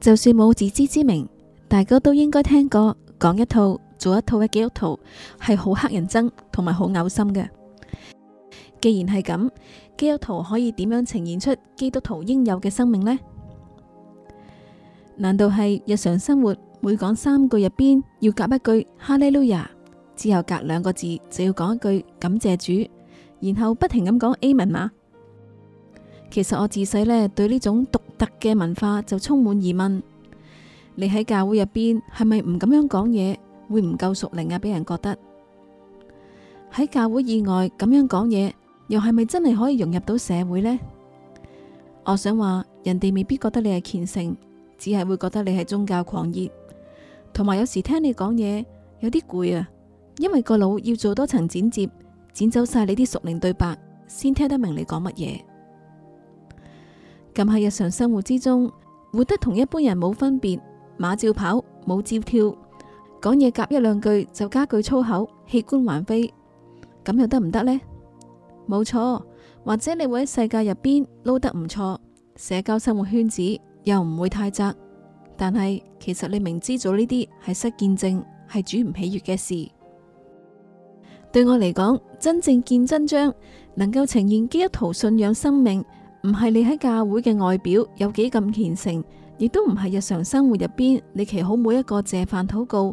就算冇自知之明，大家都應該聽過講一套做一套嘅基督徒係好黑人憎同埋好嘔心嘅。既然係咁，基督徒可以點樣呈現出基督徒應有嘅生命呢？難道係日常生活每講三句入邊要夾一句哈利路亞，之後隔兩個字就要講一句感謝主，然後不停咁講 amen 嗎？其實我自細呢對呢種獨特嘅文化就充滿疑問。你喺教會入邊係咪唔咁樣講嘢會唔夠屬靈啊？俾人覺得喺教會以外咁樣講嘢，又係咪真係可以融入到社會呢？我想話人哋未必覺得你係虔誠，只係會覺得你係宗教狂熱。同埋有，有時聽你講嘢有啲攰啊，因為個腦要做多層剪接，剪走晒你啲屬靈對白，先聽得明你講乜嘢。咁喺日常生活之中活得同一般人冇分別，馬照跑，舞照跳，講嘢夾一兩句就加句粗口，器官橫飛，咁又得唔得呢？冇錯，或者你會喺世界入邊撈得唔錯，社交生活圈子又唔會太窄，但係其實你明知做呢啲係失見證，係主唔喜悅嘅事。對我嚟講，真正見真章，能夠呈現基督徒信仰生命。唔係你喺教會嘅外表有幾咁虔誠，亦都唔係日常生活入邊你祈好每一個謝飯禱告，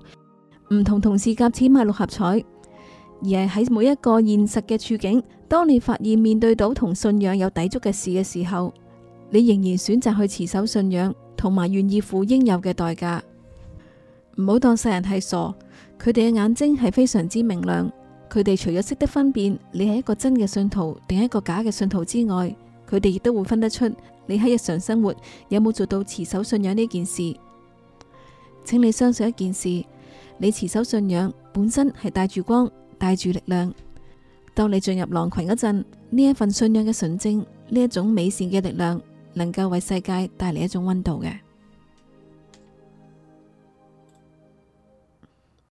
唔同同事夾錢買六合彩，而係喺每一個現實嘅處境。當你發現面對到同信仰有抵觸嘅事嘅時候，你仍然選擇去持守信仰，同埋願意付應有嘅代價。唔好當世人係傻，佢哋嘅眼睛係非常之明亮，佢哋除咗識得分辨你係一個真嘅信徒定係一個假嘅信徒之外。佢哋亦都會分得出你喺日常生活有冇做到持守信仰呢件事，請你相信一件事，你持守信仰本身係帶住光、帶住力量。當你進入狼群嗰陣，呢一份信仰嘅純正，呢一種美善嘅力量，能夠為世界帶嚟一種溫度嘅。